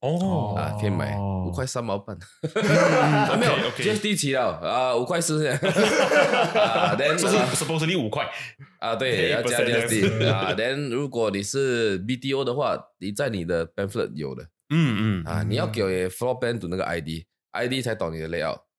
哦，啊，可以買五塊三毛半，沒有，即係低啲啦，啊，五塊四先，then supposed 你五塊，啊，對，要加啲，啊，then 如果你是 BTO 的話，你在你的 bannert 有的，嗯嗯，啊，你要給個 floor banner 度那個 ID，ID 才懂你的 layout。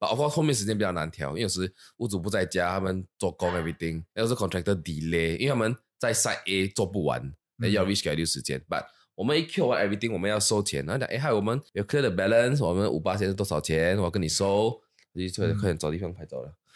But、of course 後面時間比較難調因為有時屋主不在家他們做工 everything 要是 contractor delay 因為他們在賽 a 做不完那、嗯、要必須改留時間 but 我們一 q 完 everything 我們要收錢然後講誒還我們有 clear the balance 我們五八現在多少錢我要跟你收你就快點找地方拍照了、嗯